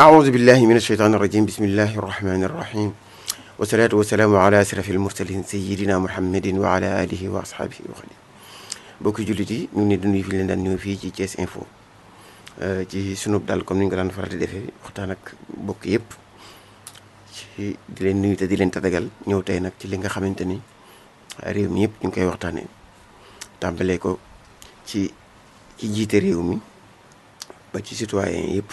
أعوذ بالله من الشيطان الرجيم بسم الله الرحمن الرحيم والصلاة والسلام على أشرف المرسلين سيدنا محمد وعلى آله وأصحابه وخليه bokki jullit yi ñu ngi leen di nuyu fi leen daan ñëw fii ci Thiès Info ci sunub daal comme ni ñu ko daan faral di defee waxtaan ak bokk yëpp ci di leen nuyu te di leen tatagal ñëw tey nag ci li nga xamante ni réew mi yëpp ñu ngi koy waxtaanee tàmbalee ko ci ci jiite réew mi ba ci citoyen yëpp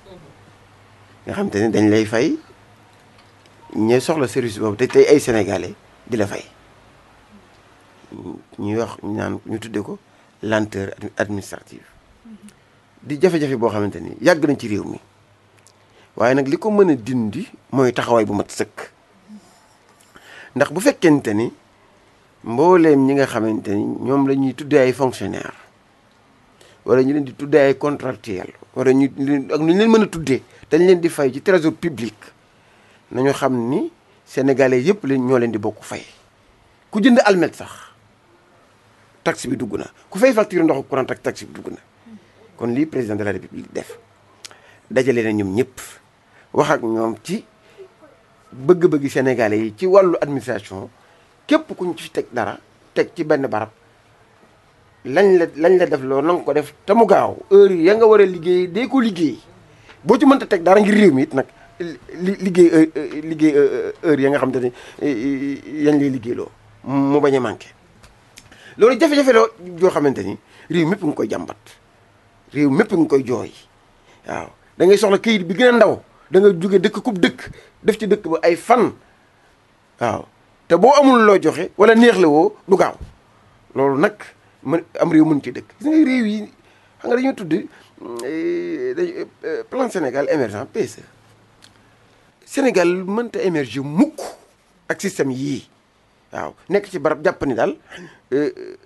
nga xam ne dañ lay fay ñe soxla service boobu te tey ay sénégalais di la fay ñuy wax ñu ñu tuddee ko lanteur administrative di jafe-jafe boo xamante ni yàgg nañ ci réew mi waaye nag li ko mën a dindi mooy taxawaay bu ma sëkk ndax bu fekkente ni mbooleem ñi nga xamante ni ñoom la ñuy tuddee ay fonctionnaire wala ñu leen di tuddee ay contractuel wala ñu ak nu ñu leen mën a tuddee dañ leen di fay ci trésor public nañu xam ni sénégalais yëpp leen ñoo leen di bokk fay ku jënd almet sax taxe bi dugg na ku fay facture ndox courant ak taxe bi dugg na kon lii président de la république def dajale na ñoom ñëpp wax ak ñoom ci bëgg-bëgg sénégalais yi ci wàllu administration képp ku ñu ci teg dara teg ci benn barab lañ la lañ la def loolu na ko def te mu gaaw heure yi ya nga war a liggéey dee ko liggéey boo ci mënta teg dara ngir réew mi it nag li liggéey euh, euh, liggéey euh, heure ya nga xam te ne yañ lay liggéeyloo mu bañ a manqué. loolu jafe-jafe la joo xamante ni réew mépp nga koy jàmbat réew mépp nga koy jooy waaw da ngay soxla kayit bi gën ndaw da nga jóge dëkk kub dëkk def ci dëkk ba ay fan waaw te boo amul loo joxe wala neex la woo du gaaw loolu nag. mën am réew mën ci dëkk gis nga réew yi xam nga dañuy tudd eh, eh, plan Sénégal émergent PSE Sénégal mënta émerger mukk ak système yii waaw nekk ci barab jàpp ni daal eh,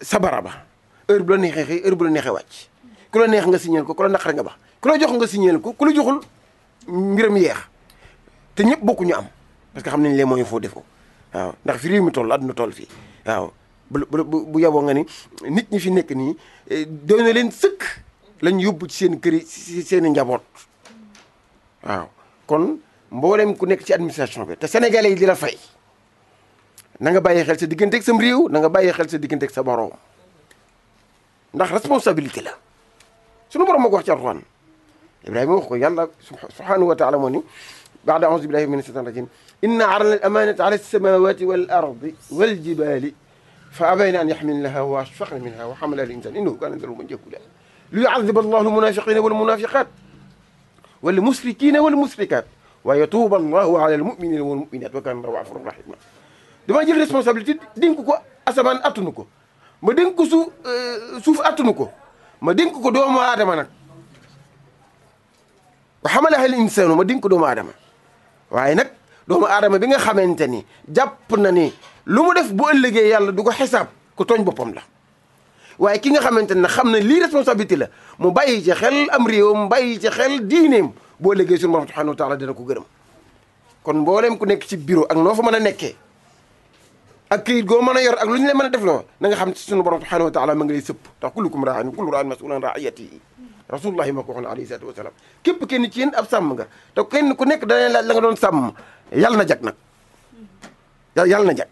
sa baraba heure bu la neexee xëy heure bu la neexee wàcc ku la neex nga signal ko ku la naqare nga ba ku la jox nga signal ko ku la joxul mbiram yeex te ñëpp bokkuñu am parce que xam nañ les moyens foo defoo waaw ndax fi réew mi toll àdduna toll fii waaw bu bu yaboo nga ni nit ñi fi nekk nii doy na leen sëkk lañ yóbbu ci seen kër yi seen i njaboot waaw kon mboolem ku nekk ci administration bi te sénégalais yi di la fay na nga bàyyi xel sa diggante ak sam réew na nga bàyyi xel sa diggante ak sa borom ndax responsabilité la sunu borom moo ko wax ci Alxuraan Ibrahima wax ko yàlla subhanahu wa taala moo ni baada auzu billahi min ashaytan rajim inna arana al amanata ala alsamawati wal ardi wal jibali فأبين أن لها وأشفقن منها وحمل الإنسان إنه كان من جهولا ليعذب الله المنافقين والمنافقات والمشركين والمشركات ويتوب الله على المؤمنين والمؤمنات وكان الله غفورا رحيما دابا jël ريسبونسابيلتي dénk ko asamaan attunu ko ma dénk ko suuf suuf attunu ko ma dénk ko doomu aadama nag wa xamalaha al insaanu ma doomu aadama bi nga xamante ni jàpp na ni lu mu def bu ëllëgee yàlla du ko xisaab ku tooñ boppam la waaye ki nga xamante ne xam na lii responsabilité la mu bàyyi ci xel am réewam bàyyi ci xel diineem boo liggéey suñu borom subhanahu wa taala dina ko gërëm kon mbooleem ku nekk ci bureau ak noo fa mën a nekkee ak këyit goo mën a yor ak lu ñu leen mën a def loo na nga xam ci suñu borom subhanahu wa taala ma ngi lay sëpp ndax kullukum raain kullu raain masulan raiyatihi rasulullahi moo ko waxoon alayhi salaatu wasalaam képp kenn ci yéen ab sàmm nga te kenn ku nekk danañ laaj la nga doon sàmm yàlla na jag nag yàlla na jag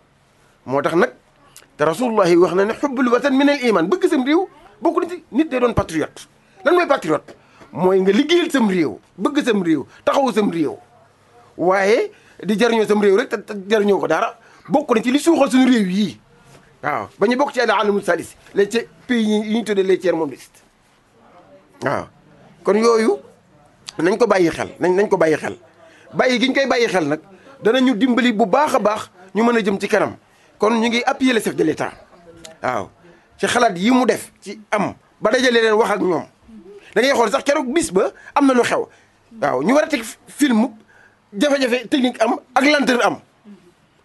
moo tax nag te rasulullahi wax na ne xubbul watan min al iman bëgg sam réew bokk na ci nit doon patriote lan mooy patriote mooy nga liggéeyal sam réew bëgg sam réew taxawu sam réew waaye di jar jariñoo sam réew rek te jariñoo ko dara bokk na ci li suuxal suñu réew yii waaw ba ñu bokk ci àll alamu salis les pays yi ñu tuddee les tiers mondistes waaw kon yooyu nañ ko bàyyi xel nañ nañ ko bàyyi xel bàyyi gi ñu koy bàyyi xel nag danañu dimbali bu baax a baax ñu mën a jëm ci kanam kon ñu ngi appuyer le chef de l'État waaw ci xalaat yi mu def ci am ba dajale leen wax ak ñoom da ngay xool sax keroog bis ba am na lu xew waaw ñu war a teg film jafe-jafe technique am ak lenteur am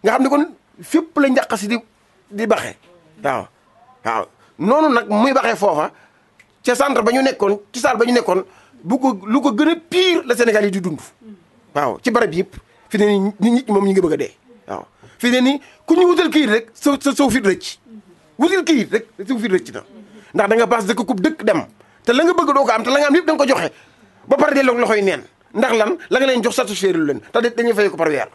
nga xam ne kon fépp la njàqasi di di baxe waaw waaw noonu nag muy baxee foofa ci centre ba ñu nekkoon ci salle ba ñu nekkoon bu ko lu ko gëna pire le Sénégal yi di dund waaw ci barab yépp fi ne nii nit ñi mom ñu ngi bëgg dé waaw fi ne nii ku ñu wutal kii rek so so soo fit rëcc wutal kii rek soo fit rëcc na ndax da nga pass de ko coupe dëkk dem te la nga bëgg do ko am te la nga am yëpp da nga ko joxé ba par délok loxoy neen ndax lan la nga leen jox satisfaire lu leen te dañu fay ko par weer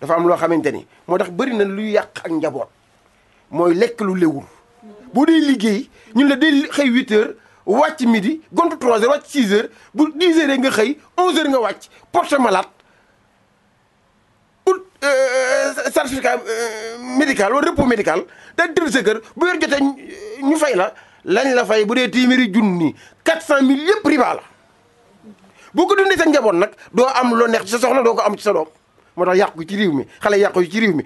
dafa am lo xamanteni mo tax bari na luy yàq ak njabot moy lek lu lewul boo dee liggéey ñun la dee xey 8 heures Watch midi gontu 3 heures watch 6 heures bu 10 heures nga 11 heures nga porte malade ut certificat médical ou repos médical da bu yor jotté ñu fay la lañ la fay bu dee de 400000 yépp riba la. Bu ko dundé sa njaboot nak, do am lo neex ci sa soxna do ko am ci sa doom tax ci mi ci mi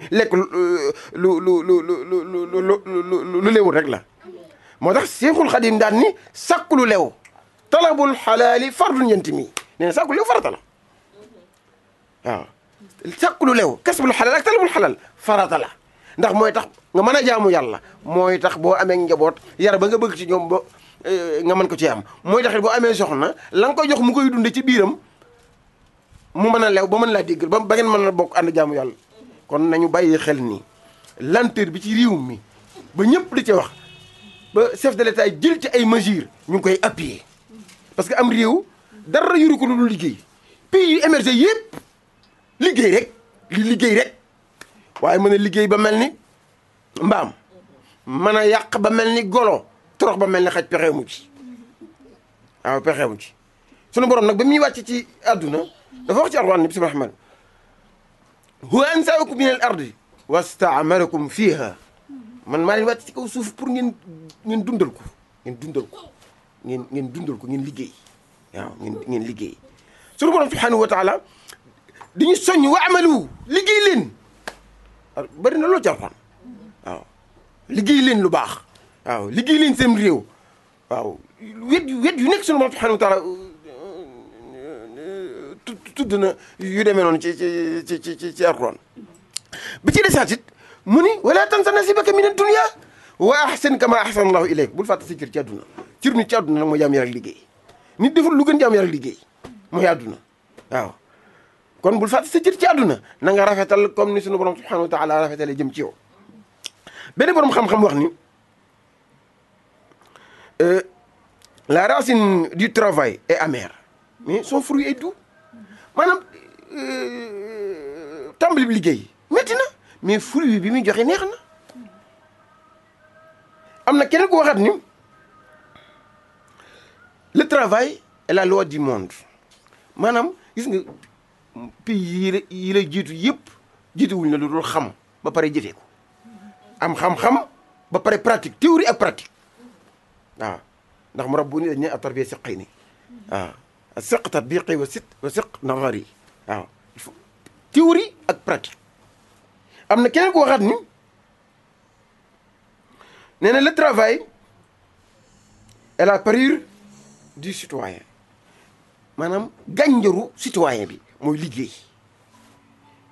lu lu lu lu lu lu lu lu moo tax seexul xadim daan ni sakku lu lew talabul xalaali fardu ñeenti mi nee na sakku lew farata la waaw sakku lu lew kasbul xalaal ak talabul xalaal farata la ndax mooy tax nga mën a jaamu yàlla moy tax bo amé njabot yar ba nga bëgg ci ñom bo nga man ko ci am moy tax bo amé soxna la nga koy jox mu koy dund ci biram mu mën lew ba mën la dégg ba ngeen mën bok ànd jaamu yàlla kon nañu bàyyi xel ni lanteur bi ci réew mi ba ñëpp di ci wax ba chef de l'état jël ci ay mesures ñu ngi koy appuyer parce que am réew dara yuru ko lu dul liggéey pays yu émergé yëpp liggéey rek li liggéey rek waaye mën a liggéey ba mel ni mbaam mën a yàq ba mel ni golo torox ba mel ni xaj pexeemu ci waaw pexeemu ci sunu borom nag ba muy wàcc ci àdduna dafa wax ci arwaan ni bismillahi rahmaan huwa ansaakum min al ardi wastaamarakum fiiha man maa leen wàcc ci kaw suuf pour ngeen ngeen dundal ko ngeen dundal ko ngeen ngeen dundal ko ngeen liggéey waaw ngeen ngeen liggéey suñu borom subhanahu wa taala wa amalu liggéey leen bëri na loo jarxoon waaw liggéey leen lu baax waaw liggéey leen seen réew waaw wet wet yu nekk suñu borom subhanahu wa taala euh, euh, euh, tudd na yu demee noonu ci ci ci ci ci Alxuraan bi ci desaat it mu ni wala tansa nasibaka mina dunya wa ahsin kama ahsana allahu ilayk bul fàtte si cër ci àdduna cër mi ci àdduna nag mooy jaam yàlla liggéey nit deful lu gën jaam yàlla liggéey mooy àdduna waaw kon bul fàtte sa cër ci àdduna na nga rafetal comme ni sunu borom subhanahu wa taala rafetale jëm ci yow benn borom xam-xam wax ni euh, la racine du travail est amère mais son fruit est doux maanaam euh, tàmbali liggéey métti mais fruit bi mi joxe neex na le travail est la loi du monde manam gis nga pays yi la jiitu yëpp jiituwuñ la lu xam ba pare ko am xam-xam ba pare pratique théorie et pratique waaw ndax mu rab bu ni dañ ne a tarbiya ni waaw tatbiqi wa sit wa siq théorie ak pratique amna na ko le travail est la parure du citoyen suis un citoyen bi moy liguey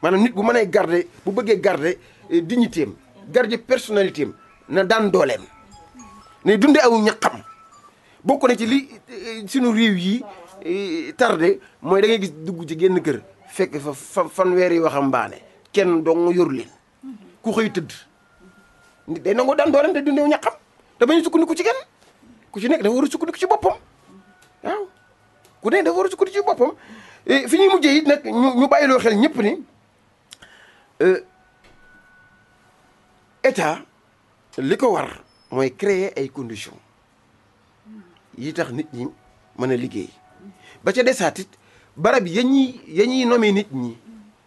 manam nit bu garder bu garder eh, dignité am garder personnalité na dan dolem. ne dundé aw ci li eh, sunu yi eh, tardé moy da gis kenn dong yor leen ku xëy tëdd nit day nangoo daan dooleem te dundeewu ñàqam te bañu sukkandiku ci kenn ku ci nekk dafa war a sukkandiku ci boppam waaw ku ne dafa war a sukkandiku ci boppam eh, fi ñuy mujjee it nag ñu ñu bàyyiloo xel ñëpp ni eh, état li ko war mooy créer ay conditions yi tax nit ñi mën a liggéey ba ca desaatit barab ya ñuy ya ñuy nommer nit ñi